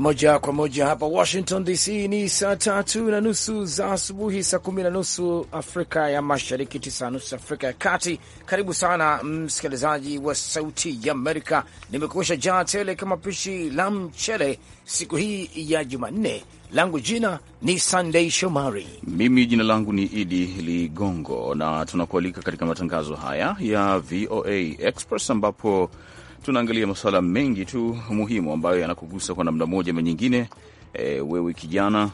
moja kwa moja hapa Washington DC ni saa tatu na nusu za asubuhi, saa kumi na nusu Afrika ya Mashariki, tisa na nusu Afrika ya Kati. Karibu sana msikilizaji wa Sauti ya Amerika, nimekuosha jaa tele kama pishi la mchele siku hii ya Jumanne. Langu jina ni sandei Shomari. Mimi jina langu ni Idi Ligongo, na tunakualika katika matangazo haya ya VOA Express ambapo tunaangalia masuala mengi tu muhimu ambayo yanakugusa kwa namna moja ama nyingine. E, wewe kijana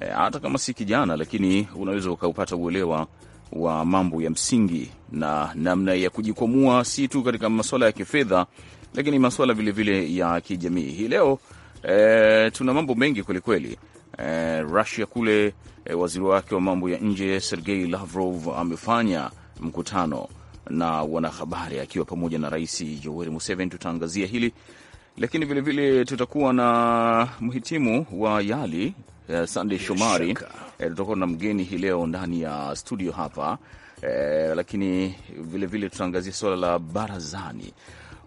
e, hata kama si kijana, lakini unaweza ukaupata uelewa wa mambo ya msingi na namna ya kujikwamua, si tu katika masuala ya kifedha, lakini masuala vilevile ya kijamii. Hii leo e, tuna mambo mengi kwelikweli. E, Rusia kule e, waziri wake wa mambo ya nje Sergei Lavrov amefanya mkutano na wanahabari akiwa pamoja na Rais Yoweri Museveni. Tutaangazia hili lakini vilevile tutakuwa na mhitimu wa YALI uh, Sandey Shomari eh, tutakuwa na mgeni hii leo ndani ya studio hapa uh, lakini vilevile tutaangazia suala la barazani.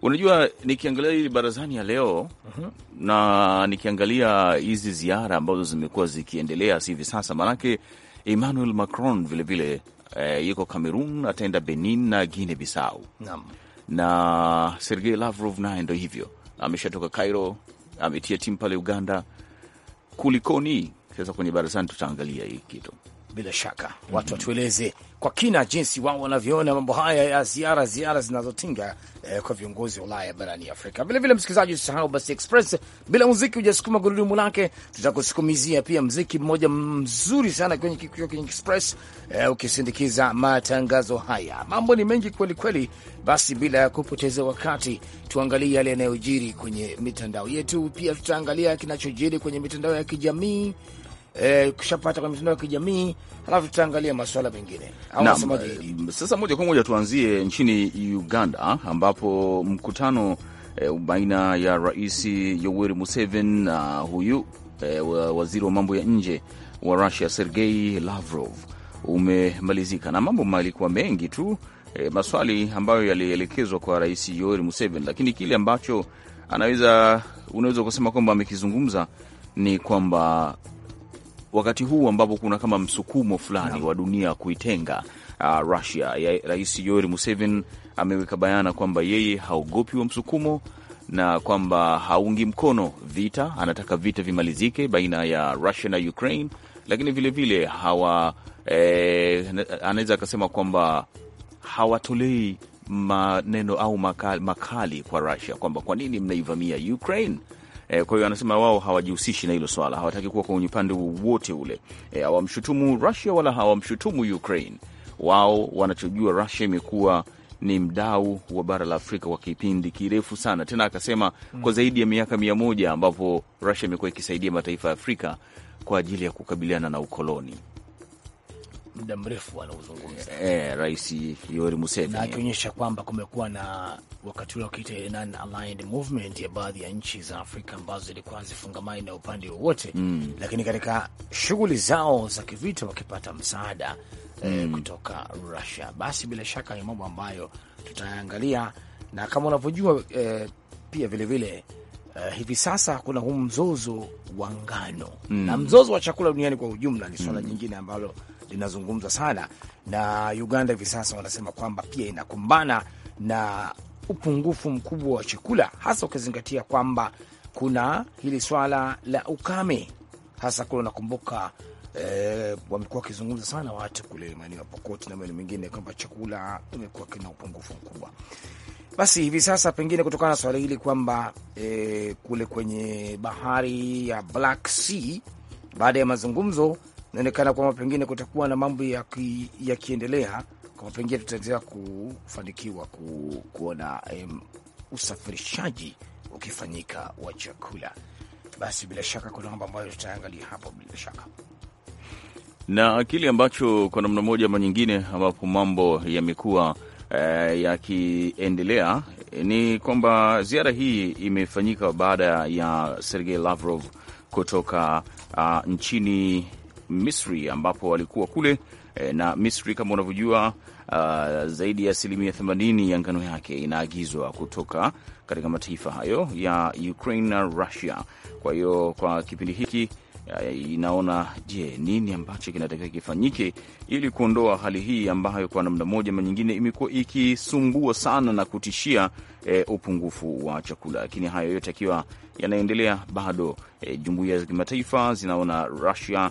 Unajua, nikiangalia hili barazani ya leo uh mhm. -huh. na nikiangalia hizi ziara ambazo zimekuwa zikiendelea hivi sasa, maanake Emmanuel Macron vilevile eh, yuko Cameroon, ataenda Benin na Guinea Bissau. Nam. Na Sergei Lavrov naye ndo hivyo ameshatoka Cairo, ametia timu pale Uganda. Kulikoni sasa? Kwenye barazani tutaangalia hii kitu bila shaka Watu mhm. watueleze kwa kina jinsi wao wanavyoona mambo haya ya ziara ziara zinazotinga eh, kwa viongozi wa Ulaya barani Afrika. Vilevile msikilizaji, usisahau basi Express bila muziki hujasukuma gurudumu lake. Tutakusukumizia pia mziki mmoja mzuri sana kwenye kwenye Express eh, ukisindikiza matangazo haya. Mambo ni mengi kweli kweli, basi bila ya kupoteza wakati tuangalie yale yanayojiri kwenye mitandao yetu, pia tutaangalia kinachojiri kwenye mitandao ya kijamii eh, kushapata kwenye mitandao ya kijamii, halafu tutaangalia masuala mengine eh, Sasa moja kwa moja tuanzie nchini Uganda ambapo mkutano eh, baina ya Rais Yoweri Museveni na uh, huyu eh, waziri wa mambo ya nje wa Russia Sergei Lavrov umemalizika na mambo malikuwa mengi tu E, maswali ambayo yalielekezwa kwa Rais Yoweri Museveni, lakini kile ambacho anaweza unaweza kusema kwamba amekizungumza ni kwamba wakati huu ambapo kuna kama msukumo fulani wa dunia kuitenga uh, Russia. Rais Yoweri Museveni ameweka bayana kwamba yeye haogopi wa msukumo na kwamba haungi mkono vita, anataka vita vimalizike baina ya Russia na Ukraine, lakini vilevile vile hawa eh, anaweza akasema kwamba hawatolei maneno au makali, makali kwa Russia kwamba kwa nini mnaivamia Ukraine E, kwa hiyo anasema wao hawajihusishi na hilo swala, hawataki kuwa kwenye upande wowote ule. E, hawamshutumu Russia wala hawamshutumu Ukraine. Wao wanachojua Russia imekuwa ni mdau wa bara la Afrika kwa kipindi kirefu sana, tena akasema kwa mm. zaidi ya miaka mia moja ambapo Russia imekuwa ikisaidia mataifa ya Afrika kwa ajili ya kukabiliana na ukoloni muda mrefu anauzungumza eh, Rais Yoweri Museveni, na akionyesha kwamba kumekuwa na wakati ule wakiita non aligned movement ya baadhi ya nchi za Afrika ambazo zilikuwa zifungamani na upande wowote mm, lakini katika shughuli zao za kivita wakipata msaada eh, mm. kutoka Russia. Basi bila shaka ni mambo ambayo tutayaangalia na kama unavyojua eh, pia vilevile vile, Uh, hivi sasa kuna huu mzozo wa ngano mm. na mzozo wa chakula duniani kwa ujumla ni swala mm. jingine ambalo linazungumzwa sana, na Uganda hivi sasa wanasema kwamba pia inakumbana na upungufu mkubwa wa chakula, hasa ukizingatia kwamba kuna hili swala la ukame, hasa kule unakumbuka E, wamekuwa wakizungumza sana watu kule maeneo ya Pokoti na maeneo mengine kwamba chakula imekuwa kina upungufu mkubwa. Basi hivi sasa pengine kutokana na swala hili kwamba e, kule kwenye bahari ya Black Sea baada ya mazungumzo inaonekana kwamba pengine kutakuwa na mambo yakiendelea ya kwamba pengine tutaendelea kufanikiwa ku, kuona um, usafirishaji ukifanyika wa chakula. Basi bila shaka kuna mambo ambayo tutaangalia hapo bila shaka na kile ambacho kwa namna moja ama nyingine ambapo mambo yamekuwa eh, yakiendelea eh, ni kwamba ziara hii imefanyika baada ya Sergei Lavrov kutoka uh, nchini Misri ambapo walikuwa kule e, na Misri kama unavyojua uh, zaidi ya asilimia 80 ya ngano yake inaagizwa kutoka katika mataifa hayo ya Ukraine na Russia. Kwa hiyo kwa kipindi hiki eh, inaona je, nini ambacho kinatakiwa kifanyike ili kuondoa hali hii ambayo kwa namna moja ama nyingine imekuwa ikisumbua sana na kutishia e, upungufu wa chakula. Lakini hayo yote akiwa yanaendelea bado, e, jumuiya za kimataifa zinaona Russia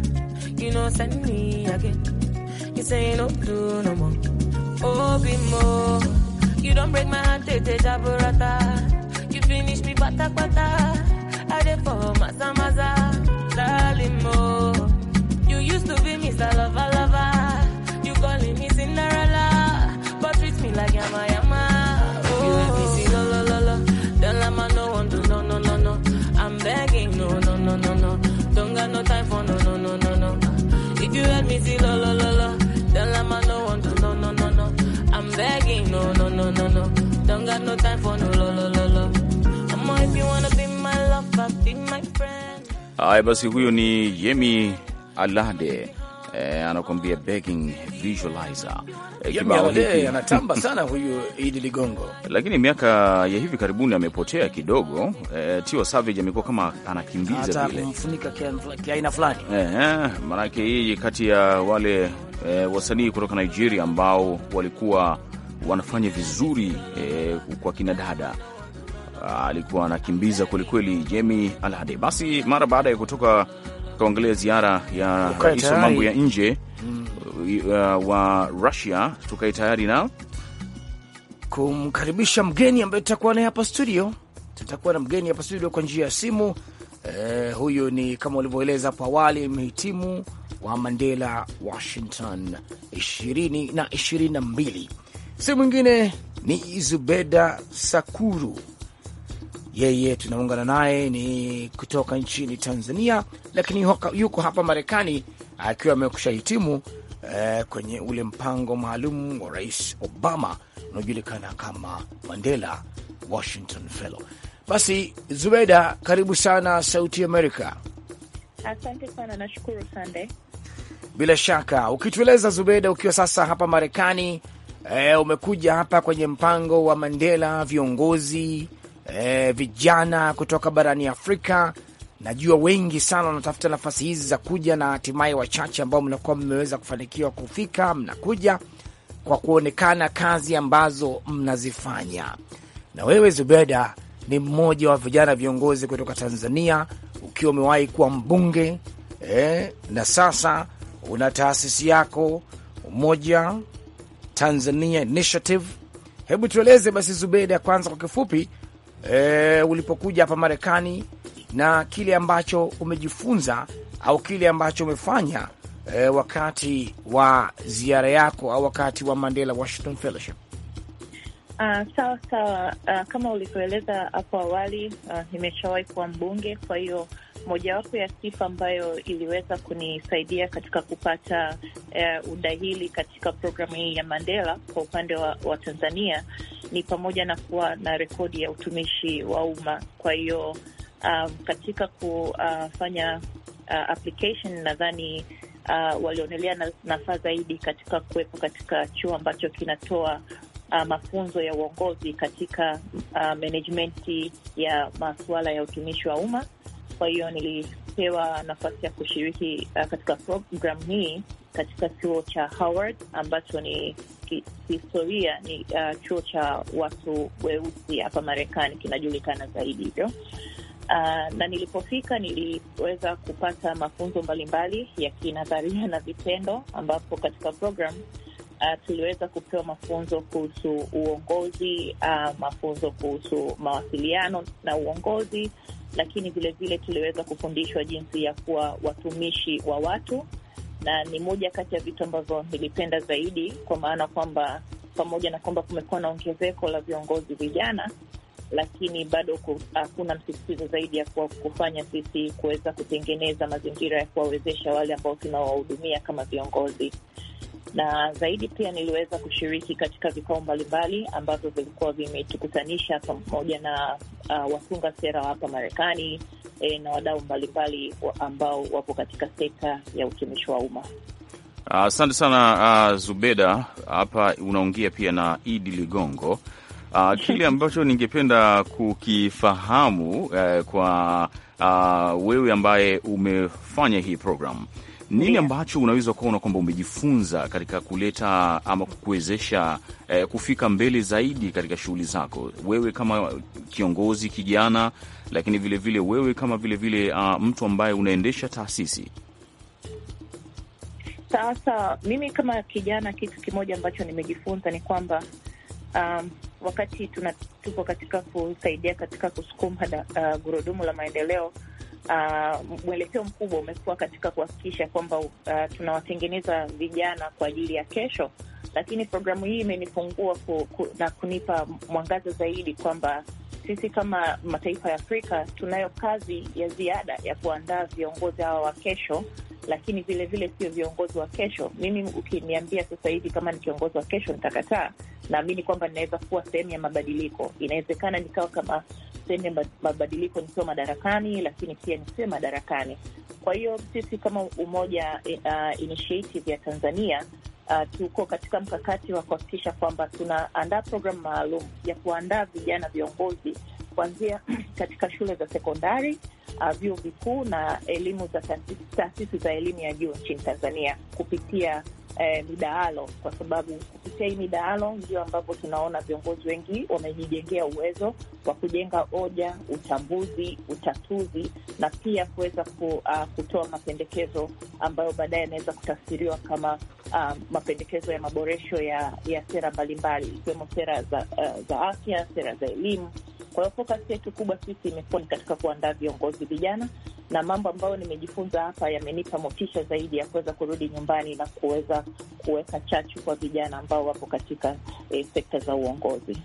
you know send me again. You say you no do no more. Oh, be more. You don't break my heart, tete jaburata. You finish me bata bata. I dey for maza maza, darling You used to be Mr. Lover. Haya basi, huyo ni Yemi Alade. Eh, anakuambia begging visualizer eh, kibao hiki anatamba sana huyu Idi Ligongo, lakini miaka ya hivi karibuni amepotea kidogo E, Tiwa Savage amekuwa kama anakimbiza vile kumfunika kiaina fulani eh, maanake hii kati ya wale e, wasanii kutoka Nigeria ambao walikuwa wanafanya vizuri e, kwa kina dada Ah, alikuwa anakimbiza kwelikweli Jemi Alhadi. Basi mara baada ya kutoka tukaangalia ziara ya rais wa mambo ya nje mm, uh, wa rusia tukae tayari na kumkaribisha mgeni ambaye tutakuwa naye hapa studio. Tutakuwa na mgeni hapa studio kwa njia ya simu. Eh, huyu ni kama ulivyoeleza hapo awali mhitimu wa Mandela Washington 20 na 22. simu mwingine ni Zubeda Sakuru yeye tunaungana naye ni kutoka nchini Tanzania, lakini yuko hapa Marekani akiwa amekusha hitimu eh, kwenye ule mpango maalum wa Rais Obama unaojulikana kama Mandela Washington Fellow. Basi Zubeda, karibu sana Sauti Amerika. Asante sana, nashukuru Sande. Bila shaka ukitueleza Zubeda, ukiwa sasa hapa Marekani, eh, umekuja hapa kwenye mpango wa Mandela, viongozi e, vijana kutoka barani Afrika. Najua wengi sana wanatafuta nafasi hizi za kuja, na hatimaye wachache ambao mnakuwa mmeweza kufanikiwa kufika, mnakuja kwa kuonekana kazi ambazo mnazifanya. Na wewe Zubeda ni mmoja wa vijana viongozi kutoka Tanzania, ukiwa umewahi kuwa mbunge e, na sasa una taasisi yako Umoja Tanzania Initiative. Hebu tueleze basi Zubeda, kwanza kwa kifupi e, ulipokuja hapa Marekani na kile ambacho umejifunza au kile ambacho umefanya e, wakati wa ziara yako au wakati wa Mandela Washington Fellowship. Uh, sawa sawa. Uh, kama ulivyoeleza hapo awali, uh, nimeshawahi kuwa mbunge, kwa hiyo mojawapo ya sifa ambayo iliweza kunisaidia katika kupata uh, udahili katika programu hii ya Mandela kwa upande wa, wa Tanzania ni pamoja na kuwa na rekodi ya utumishi wa umma. Kwa hiyo um, katika kufanya uh, application nadhani uh, walionelea nafaa zaidi katika kuwepo katika chuo ambacho kinatoa uh, mafunzo ya uongozi katika uh, menejmenti ya masuala ya utumishi wa umma. Kwa hiyo nilipewa nafasi ya kushiriki uh, katika program hii katika chuo cha Howard ambacho ni kihistoria ni uh, chuo cha watu weusi hapa Marekani, kinajulikana zaidi hivyo. Uh, na nilipofika niliweza kupata mafunzo mbalimbali ya kinadharia na vitendo, ambapo katika program uh, tuliweza kupewa mafunzo kuhusu uongozi uh, mafunzo kuhusu mawasiliano na uongozi, lakini vilevile tuliweza kufundishwa jinsi ya kuwa watumishi wa watu, na ni moja kati ya vitu ambavyo nilipenda zaidi, kwa maana kwamba pamoja na kwamba kumekuwa na ongezeko la viongozi vijana lakini bado hakuna msisitizo zaidi ya kuwa kufanya sisi kuweza kutengeneza mazingira ya kuwawezesha wale ambao tunawahudumia kama viongozi na zaidi pia niliweza kushiriki katika vikao mbalimbali ambavyo vilikuwa vimetukutanisha pamoja na uh, watunga sera hapa Marekani e, na wadau mbalimbali ambao wapo katika sekta ya utumishi wa umma. Asante uh, sana uh, Zubeda, hapa unaongea pia na Idi Ligongo. Uh, kile ambacho ningependa kukifahamu uh, kwa uh, wewe ambaye umefanya hii programu nini ambacho unaweza kuona kwamba umejifunza katika kuleta ama kuwezesha eh, kufika mbele zaidi katika shughuli zako wewe kama kiongozi kijana, lakini vilevile vile wewe kama vilevile vile, uh, mtu ambaye unaendesha taasisi sasa? Mimi kama kijana, kitu kimoja ambacho nimejifunza ni kwamba um, wakati tuna tupo katika kusaidia katika kusukuma uh, ah, gurudumu la maendeleo uh, mwelekeo mkubwa umekuwa katika kuhakikisha kwamba uh, tunawatengeneza vijana kwa ajili ya kesho, lakini programu hii imenifungua ku, ku, na kunipa mwangaza zaidi kwamba sisi kama mataifa ya Afrika tunayo kazi ya ziada ya kuandaa viongozi hawa wa kesho, lakini vilevile sio viongozi wa kesho. Mimi ukiniambia sasa hivi kama ni kiongozi wa kesho, nitakataa. Naamini kwamba ninaweza kuwa sehemu ya mabadiliko. Inawezekana nikawa kama tuseme mabadiliko nikiwa madarakani, lakini pia nisiwe madarakani. Kwa hiyo sisi kama Umoja eh, uh, Initiative ya Tanzania uh, tuko katika mkakati wa kuhakikisha kwamba tunaandaa programu maalum ya kuandaa vijana viongozi kuanzia katika shule za sekondari, uh, vyuo vikuu na elimu za taasisi za elimu ya juu nchini Tanzania kupitia eh, midaalo, kwa sababu kupitia hii midaalo ndio ambapo tunaona viongozi wengi wamejijengea uwezo wa kujenga hoja, utambuzi, utatuzi na pia kuweza ku, uh, kutoa mapendekezo ambayo baadaye yanaweza kutafsiriwa kama uh, mapendekezo ya maboresho ya, ya sera mbalimbali ikiwemo sera za, uh, za afya, sera za elimu. Kwa hiyo fokasi yetu kubwa sisi imekuwa ni katika kuandaa viongozi vijana na mambo ambayo nimejifunza hapa yamenipa motisha zaidi ya kuweza kurudi nyumbani na kuweza kuweka chachu kwa vijana ambao wapo katika eh, sekta za uongozi.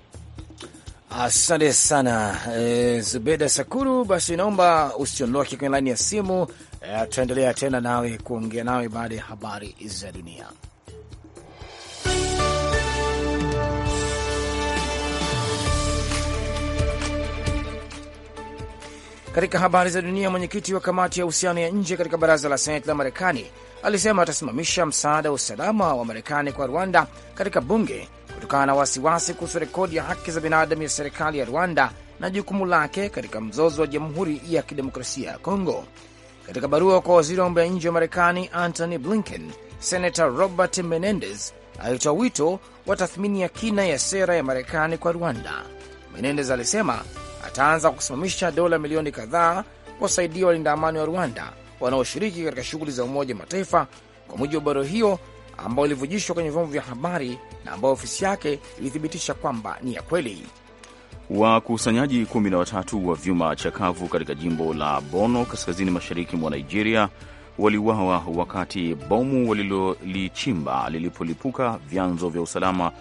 Asante sana eh, Zubeda Sakuru. Basi naomba usiondoke kwenye laini ya simu, eh, tutaendelea tena nawe kuongea nawe baada ya habari za dunia. Katika habari za dunia, mwenyekiti wa kamati ya uhusiano ya nje katika baraza la seneti la Marekani alisema atasimamisha msaada wa usalama wa Marekani kwa Rwanda katika bunge kutokana na wasiwasi kuhusu rekodi ya haki za binadamu ya serikali ya Rwanda na jukumu lake katika mzozo wa Jamhuri ya Kidemokrasia ya Kongo. Katika barua kwa waziri wa mambo ya nje wa Marekani Antony Blinken, senata Robert Menendez alitoa wito wa tathmini ya kina ya sera ya Marekani kwa Rwanda. Menendez alisema wataanza kusimamisha dola milioni kadhaa kuwasaidia walinda amani wa Rwanda wanaoshiriki katika shughuli za Umoja wa Mataifa, kwa mujibu wa barua hiyo ambayo ilivujishwa kwenye vyombo vya habari na ambayo ofisi yake ilithibitisha kwamba ni ya kweli. Wakusanyaji 13 wa vyuma chakavu katika jimbo la Bono kaskazini mashariki mwa Nigeria waliuawa wakati bomu walilolichimba lilipolipuka, vyanzo vya usalama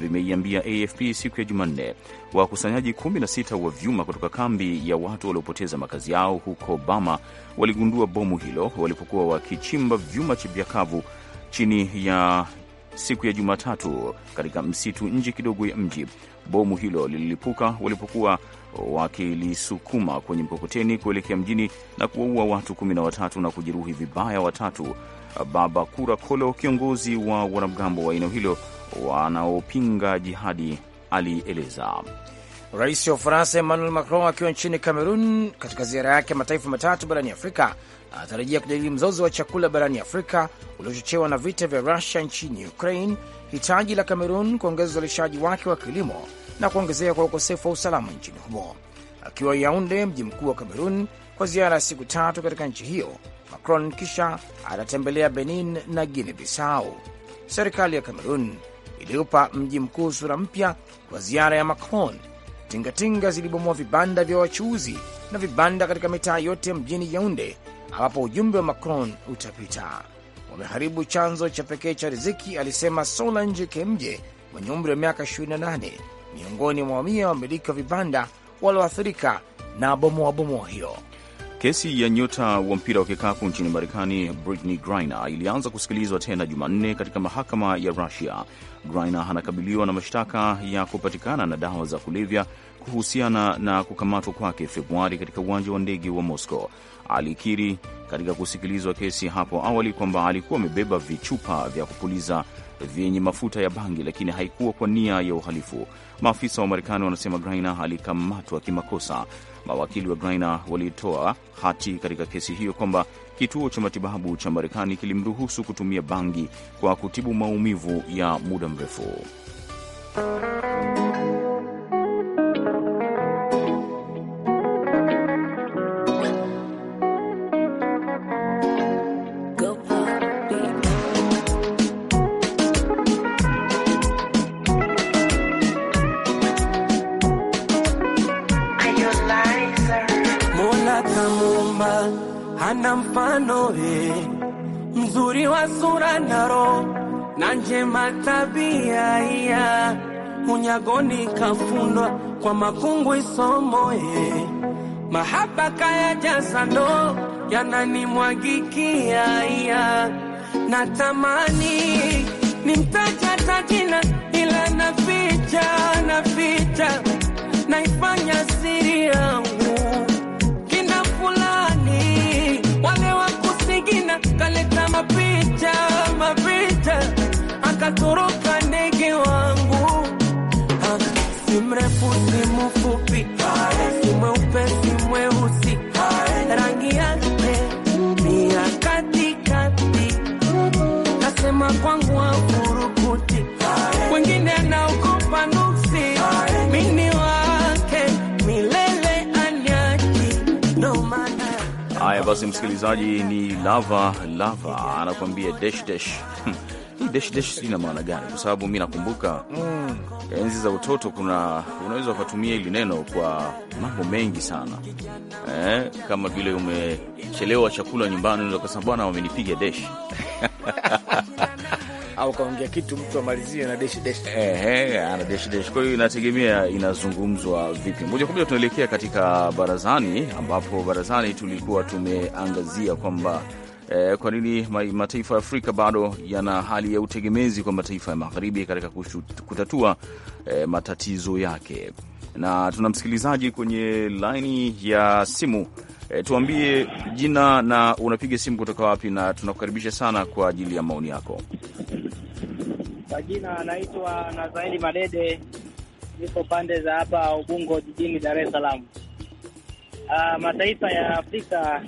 vimeiambia AFP siku ya Jumanne. Wakusanyaji 16 wa vyuma kutoka kambi ya watu waliopoteza makazi yao huko Bama waligundua bomu hilo walipokuwa wakichimba vyuma vya kavu chini ya siku ya Jumatatu katika msitu nje kidogo ya mji bomu hilo lililipuka walipokuwa wakilisukuma kwenye mkokoteni kuelekea mjini na kuwaua watu kumi na watatu na kujeruhi vibaya watatu. Baba Kura Kolo, kiongozi wa wanamgambo wa eneo hilo wanaopinga jihadi, alieleza. Rais wa Ufaransa Emmanuel Macron akiwa nchini Cameroon katika ziara yake ya mataifa matatu barani Afrika anatarajia kujadili mzozo wa chakula barani Afrika uliochochewa na vita vya Rusia nchini Ukraine hitaji la Kamerun kuongeza uzalishaji wake wa kilimo na kuongezeka kwa ukosefu wa usalama nchini humo. Akiwa Yaunde, mji mkuu wa Kamerun, kwa ziara ya siku tatu katika nchi hiyo, Macron kisha atatembelea Benin na Guinea Bissau. Serikali ya Kamerun iliupa mji mkuu sura mpya kwa ziara ya Macron. Tingatinga zilibomoa vibanda vya wachuuzi na vibanda katika mitaa yote mjini Yaunde ambapo ujumbe wa Macron utapita wameharibu chanzo cha pekee cha riziki, alisema Solange Kemje mwenye umri wa miaka 28, miongoni mwa mamia wamiliki wa vibanda walioathirika na bomoa hiyo. Kesi ya nyota wa mpira wa kikapu nchini Marekani Brittney Griner ilianza kusikilizwa tena Jumanne katika mahakama ya Rusia. Griner anakabiliwa na mashtaka ya kupatikana na dawa za kulevya kuhusiana na kukamatwa kwake Februari katika uwanja wa ndege wa Moscow. Alikiri katika kusikilizwa kesi hapo awali kwamba alikuwa amebeba vichupa vya kupuliza vyenye mafuta ya bangi, lakini haikuwa kwa nia ya uhalifu. Maafisa wa Marekani wanasema Grainer alikamatwa kimakosa. Mawakili wa Grainer walitoa hati katika kesi hiyo kwamba kituo cha matibabu cha Marekani kilimruhusu kutumia bangi kwa kutibu maumivu ya muda mrefu. matabia ya unyagoni kafundwa kwa makungu isomoe mahaba kaya jaza ndo yananimwagikia iya natamani nimtaja tajina ila naficha naficha naifanya siri yangu fupi, si mweupe si mweusi, rangi yake ni ya katikati, nasema kwangu wengine nuksi, wake milele anyaki Haya basi, msikilizaji, ni lava lava anakuambia desh desh. Hii desh desh sina maana gani? Kwa sababu mi nakumbuka mm enzi za utoto, kuna unaweza ukatumia hili neno kwa mambo mengi sana eh, kama vile umechelewa chakula nyumbani, unaweza ukasema bwana, wamenipiga deshi au kaongea kitu mtu amalizie na deshi deshi, ehe, ana deshi deshi. Kwa hiyo inategemea inazungumzwa vipi. Moja kwa moja tunaelekea katika barazani, ambapo barazani tulikuwa tumeangazia kwamba eh, kwa nini mataifa ya Afrika bado yana hali ya utegemezi kwa mataifa ya magharibi katika kutatua eh, matatizo yake. Na tuna msikilizaji kwenye laini ya simu eh, tuambie jina na unapiga simu kutoka wapi, na tunakukaribisha sana kwa ajili ya maoni yako. Kwa jina anaitwa Nazaeli Madede, niko pande za hapa Ubungo jijini Dar es Salaam. Uh, mataifa ya Afrika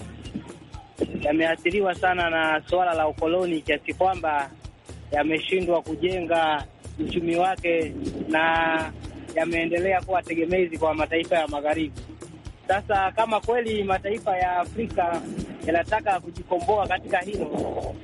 yameathiriwa sana na suala la ukoloni kiasi kwamba yameshindwa kujenga uchumi wake na yameendelea kuwa tegemezi kwa mataifa ya magharibi. Sasa kama kweli mataifa ya Afrika yanataka kujikomboa katika hilo,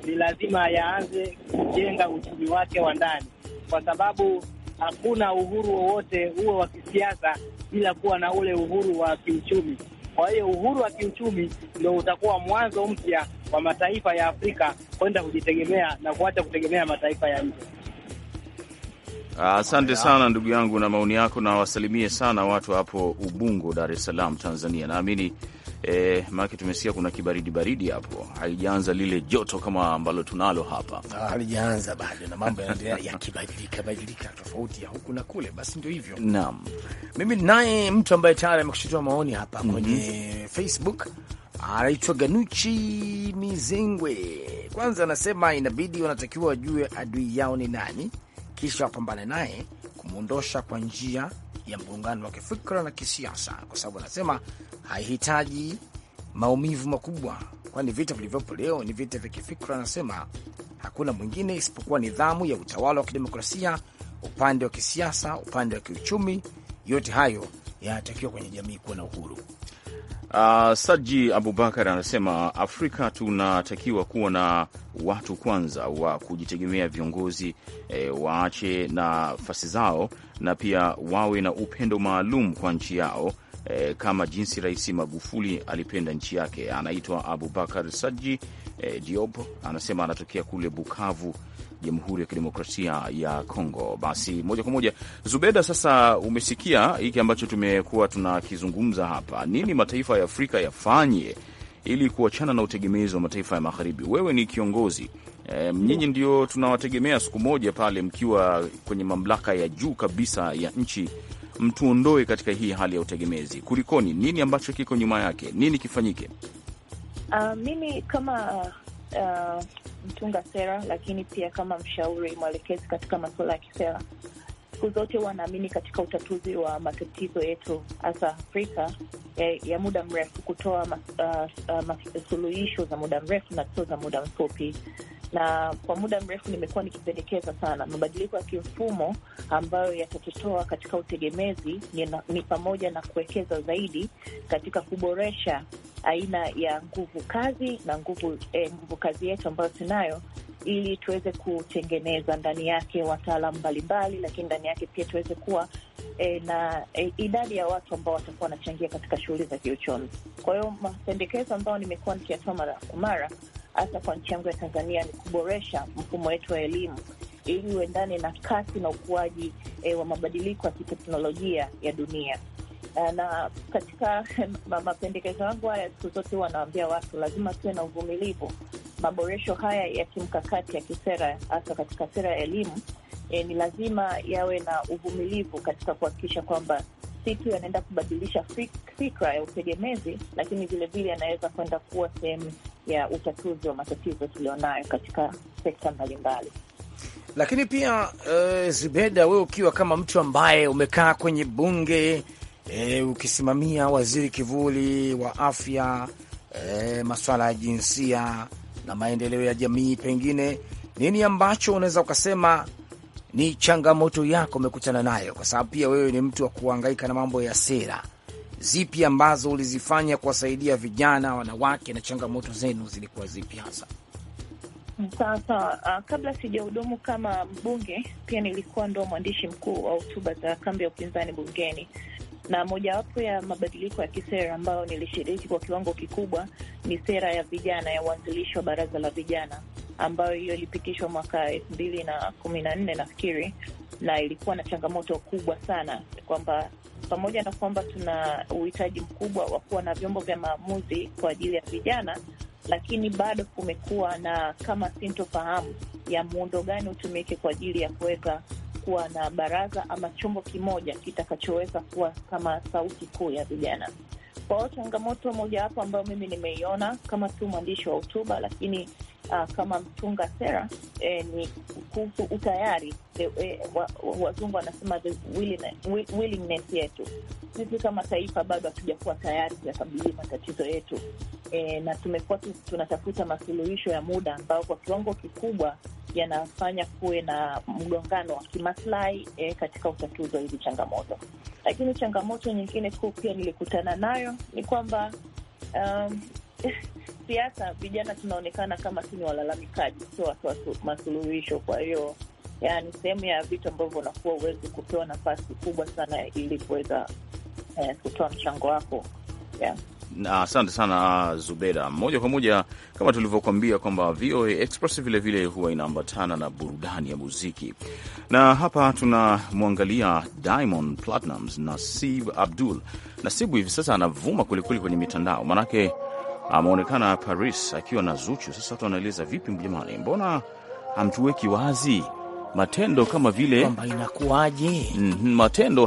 ni lazima yaanze kujenga uchumi wake wa ndani, kwa sababu hakuna uhuru wowote uwe wa kisiasa bila kuwa na ule uhuru wa kiuchumi. Kwa hiyo uhuru wa kiuchumi ndio utakuwa mwanzo mpya wa mataifa ya Afrika kwenda kujitegemea na kuacha kutegemea mataifa ya nje. Asante ah, sana ndugu yangu na maoni yako, na wasalimie sana watu hapo Ubungo, Dar es Salaam, Tanzania. Naamini eh, maanake tumesikia kuna kibaridi baridi hapo, halijaanza lile joto kama ambalo tunalo hapa, ah, halijaanza bado, na mambo yanaendelea yakibadilika badilika tofauti ya huku na kule. Basi ndio hivyo. Naam, mimi naye mtu ambaye tayari amekushutua maoni hapa mhm. kwenye mm -hmm. Facebook anaitwa Ganuchi Mizengwe. Kwanza anasema inabidi wanatakiwa wajue adui yao ni nani, kisha wapambane naye kumwondosha kwa njia ya mgongano wa kifikra na kisiasa, kwa sababu anasema haihitaji maumivu makubwa, kwani vita vilivyopo leo ni vita vya kifikra. Anasema hakuna mwingine isipokuwa nidhamu ya utawala wa kidemokrasia, upande wa kisiasa, upande wa kiuchumi. Yote hayo yanatakiwa kwenye jamii kuwa na uhuru. Uh, Saji Abubakar anasema Afrika tunatakiwa kuwa na watu kwanza wa kujitegemea, viongozi e, waache nafasi zao na pia wawe na upendo maalum kwa nchi yao e, kama jinsi Rais Magufuli alipenda nchi yake. Anaitwa Abubakar Saji e, Diop anasema anatokea kule Bukavu Jamhuri ya Kidemokrasia ya Kongo. Basi moja kwa moja, Zubeda, sasa umesikia hiki ambacho tumekuwa tunakizungumza hapa, nini mataifa ya Afrika yafanye ili kuachana na utegemezi wa mataifa ya magharibi? Wewe ni kiongozi e, nyinyi ndio tunawategemea siku moja pale mkiwa kwenye mamlaka ya juu kabisa ya nchi, mtuondoe katika hii hali ya utegemezi. Kulikoni? Nini ambacho kiko nyuma yake? Nini kifanyike? Uh, mimi kama uh, mtunga sera, lakini pia kama mshauri mwelekezi katika masuala ya kisera. Siku zote huwa naamini katika utatuzi wa matatizo yetu hasa Afrika ya, ya muda mrefu, kutoa uh, uh, suluhisho za muda mrefu na sio za muda mfupi na kwa muda mrefu nimekuwa nikipendekeza sana mabadiliko ya kimfumo ambayo yatatutoa katika utegemezi ni, ni pamoja na kuwekeza zaidi katika kuboresha aina ya nguvu kazi na nguvu, eh, nguvu kazi yetu ambayo tunayo ili tuweze kutengeneza ndani yake wataalamu mbalimbali, lakini ndani yake pia tuweze kuwa e, na e, idadi ya watu ambao watakuwa wanachangia katika shughuli za kiuchumi. Kwa hiyo mapendekezo ambayo nimekuwa nikiyatoa mara kwa mara hasa kwa nchi yangu ya Tanzania ni kuboresha mfumo wetu wa elimu ili uendane na kasi na ukuaji e, wa mabadiliko ya kiteknolojia ya dunia. Eh, na katika mapendekezo yangu haya, siku zote huwa watu lazima tuwe na uvumilivu. Maboresho haya ya kimkakati ya kisera, hasa katika sera ya elimu e, ni lazima yawe na uvumilivu katika kuhakikisha kwamba si tu yanaenda kubadilisha fikra ya utegemezi, lakini vilevile yanaweza kwenda kuwa sehemu ya utatuzi wa matatizo tulionayo katika sekta mbalimbali. Lakini pia uh, eh, Zubeda, wewe ukiwa kama mtu ambaye umekaa kwenye bunge e, ukisimamia waziri kivuli wa afya e, eh, maswala ya jinsia na maendeleo ya jamii, pengine nini ambacho unaweza ukasema ni changamoto yako umekutana nayo, kwa sababu pia wewe ni mtu wa kuhangaika na mambo ya sera zipi ambazo ulizifanya kuwasaidia vijana, wanawake, na changamoto zenu zilikuwa zipi hasa? Sawa sawa. Uh, kabla sijahudumu kama mbunge, pia nilikuwa ndo mwandishi mkuu wa hotuba za kambi ya upinzani bungeni, na mojawapo ya mabadiliko ya kisera ambayo nilishiriki kwa kiwango kikubwa ni sera ya vijana ya uanzilishi wa baraza la vijana, ambayo hiyo ilipitishwa mwaka elfu mbili na kumi na nne nafikiri, na ilikuwa na changamoto kubwa sana kwamba pamoja na kwamba tuna uhitaji mkubwa wa kuwa na vyombo vya maamuzi kwa ajili ya vijana, lakini bado kumekuwa na kama sintofahamu ya muundo gani utumike kwa ajili ya kuweza kuwa na baraza ama chombo kimoja kitakachoweza kuwa kama sauti kuu ya vijana. Kwa hiyo changamoto mojawapo ambayo mimi nimeiona kama tu mwandishi wa hotuba, lakini uh, kama mtunga sera eh, ni kuhusu utayari eh, eh wazungu wa wanasema the willingness, willingness yetu sisi kama taifa bado hatujakuwa tayari kuyakabili matatizo yetu eh, na tumekuwa tunatafuta masuluhisho ya muda ambayo kwa kiwango kikubwa yanafanya kuwe na mgongano wa kimaslahi eh, katika utatuzi wa hizi changamoto. Lakini changamoto nyingine kuu pia nilikutana nayo ni kwamba um, kisiasa, vijana tunaonekana kama tu ni walalamikaji, sio watu wa masuluhisho. Kwa hiyo yani, sehemu ya vitu ambavyo unakuwa uwezi kupewa nafasi kubwa sana ili kuweza eh, kutoa mchango wako yeah. Asante sana Zubeda. Moja kwa moja, kama tulivyokuambia kwamba VOA Express vilevile huwa inaambatana na burudani ya muziki, na hapa tunamwangalia Diamond Platnumz, Nasib Abdul. Nasibu hivi sasa anavuma kwelikweli kwenye mitandao, maanake ameonekana Paris akiwa na Zuchu. Sasa watu wanaeleza vipi, jamani, mbona hamtuweki wazi matendo kama vile kwamba inakuwaje? mm -hmm, matendo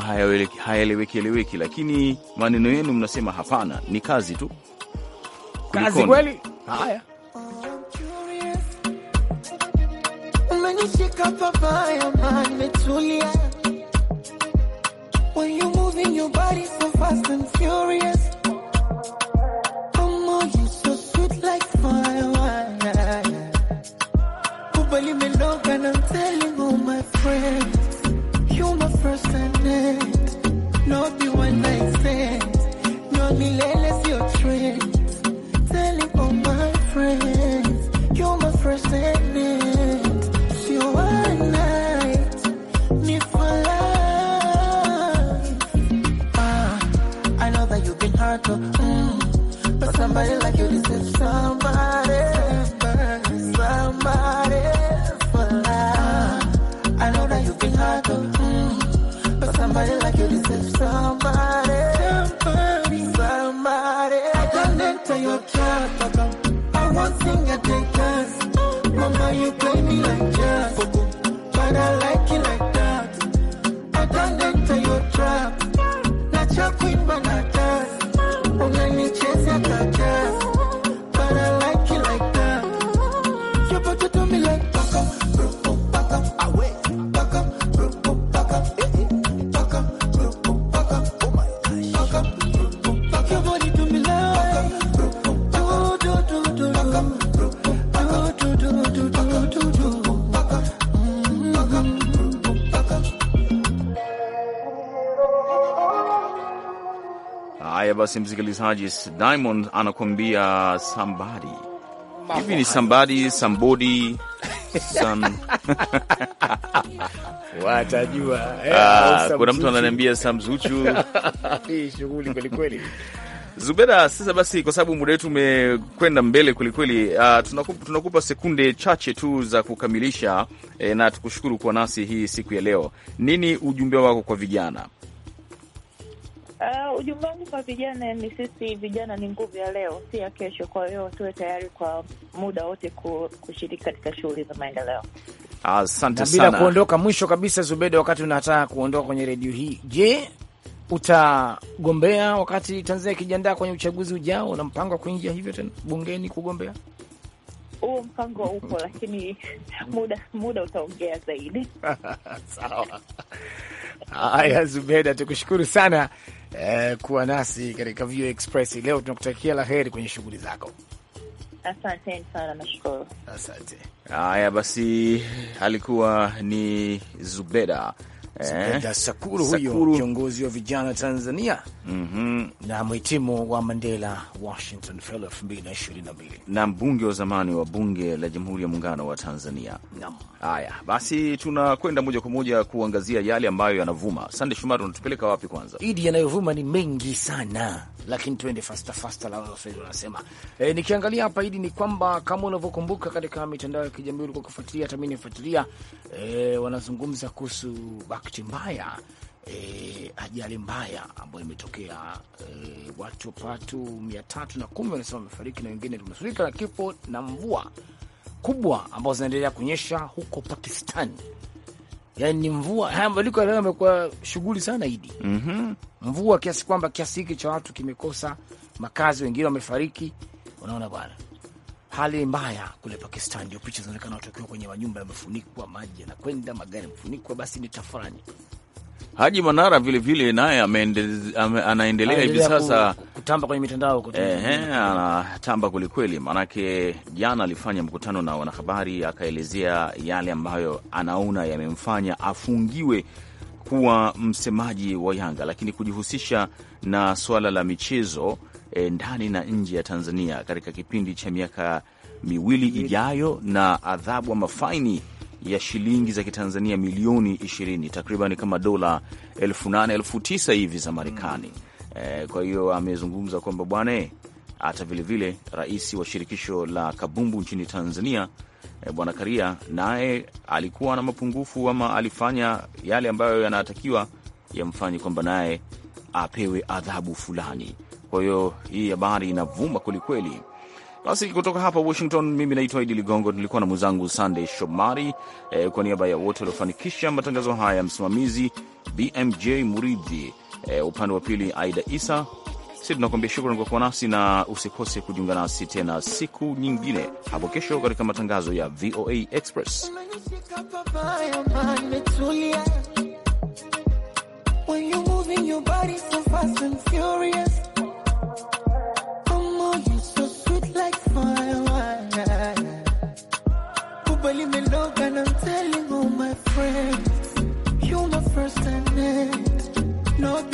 hayaeleweki eleweki, lakini maneno yenu mnasema hapana, ni kazi tu, kazi kweli. Haya, umenishika pabaya when you moving your body so fast and furious forcing a take us. Mama, you play me like jazz. But I like it like that. I don't enter your trap. Not your queen, but not that. basi msikilizaji, Diamond anakuambia sambadi hivi ni sambadi sambodi sam... watajua eh, ah, kuna mtu ananiambia samzuchu shughuli kwelikweli. Zubeda, sasa basi, kwa sababu muda wetu umekwenda mbele kwelikweli, uh, ah, tunakupa, tunakupa sekunde chache tu za kukamilisha eh, na tukushukuru kuwa nasi hii siku ya leo. Nini ujumbe wako kwa vijana? Uh, ujumbe wangu kwa vijana ni sisi vijana ni nguvu ya leo, si ya kesho. Kwa hiyo tuwe tayari kwa muda wote kushiriki katika shughuli za maendeleo. Asante sana. Bila kuondoka, mwisho kabisa, Zubeda, wakati unataka kuondoka kwenye redio hii, je, utagombea wakati Tanzania ikijiandaa kwenye uchaguzi ujao? Una mpango wa kuingia hivyo tena bungeni kugombea? Huo mpango upo, lakini muda muda utaongea zaidi. Sawa. Haya, Zubeda, tukushukuru sana eh, kuwa nasi katika View Express leo. Tunakutakia la heri kwenye shughuli zako. Asante sana, nashukuru. Asante. Haya basi, alikuwa ni Zubeda Eh, Sakuru huyo Sakuru, kiongozi wa vijana Tanzania mm -hmm. na mwhitimu wa Mandela Washington Fellow 2022 na mbunge wa zamani wa bunge la Jamhuri ya Muungano wa Tanzania. Haya Basi tunakwenda moja kwa moja kuangazia yale ambayo yanavuma. Sande Shumari, unatupeleka wapi kwanza? Idi, yanayovuma ni mengi sana lakini tuende fasta fasta la waswahili wanasema. E, eh, nikiangalia hapa hidi ni kwamba kama unavyokumbuka katika mitandao ya kijamii ulikuwa kufuatilia, hata mimi nifuatilia e, eh, wanazungumza kuhusu bakti mbaya E, ajali mbaya ambayo imetokea e, watu wapatu mia tatu na kumi wanasema wamefariki na wengine tumesurika na kifo na mvua kubwa ambazo zinaendelea kunyesha huko Pakistan yani ni mvua, haya mabadiliko ya leo yamekuwa shughuli sana Idi. mm -hmm. Mvua kiasi kwamba kiasi hiki cha watu kimekosa makazi, wengine wamefariki. Unaona bwana, hali mbaya kule Pakistan, ndio picha zinaonekana watu wakiwa kwenye manyumba yamefunikwa, maji yanakwenda, magari yamefunikwa, basi ni tafurani Haji Manara vilevile naye anaendelea hivi sasa kutamba kwenye mitandao, anatamba kwelikweli, maanake jana alifanya mkutano na wanahabari, akaelezea yale ambayo anaona yamemfanya afungiwe kuwa msemaji wa Yanga, lakini kujihusisha na suala la michezo e, ndani na nje ya Tanzania katika kipindi cha miaka miwili ijayo na adhabu ama faini ya shilingi za Kitanzania milioni 20, takriban kama dola elfu nane elfu tisa hivi za Marekani. E, kwa hiyo amezungumza kwamba bwana, hata vilevile rais wa shirikisho la kabumbu nchini Tanzania e, bwana Karia naye alikuwa na mapungufu ama alifanya yale ambayo yanatakiwa yamfanye kwamba naye apewe adhabu fulani. Kwa hiyo hii habari inavuma kwelikweli. Basi kutoka hapa Washington, mimi naitwa Idi Ligongo, nilikuwa na mwenzangu Sandey Shomari. Eh, kwa niaba ya wote waliofanikisha matangazo haya, msimamizi BMJ Muridhi, eh, upande wa pili Aida Isa. si tunakuambia shukrani kwa kuwa nasi na usikose kujiunga nasi tena siku nyingine hapo kesho katika matangazo ya VOA Express. friend. You're my first and end. Not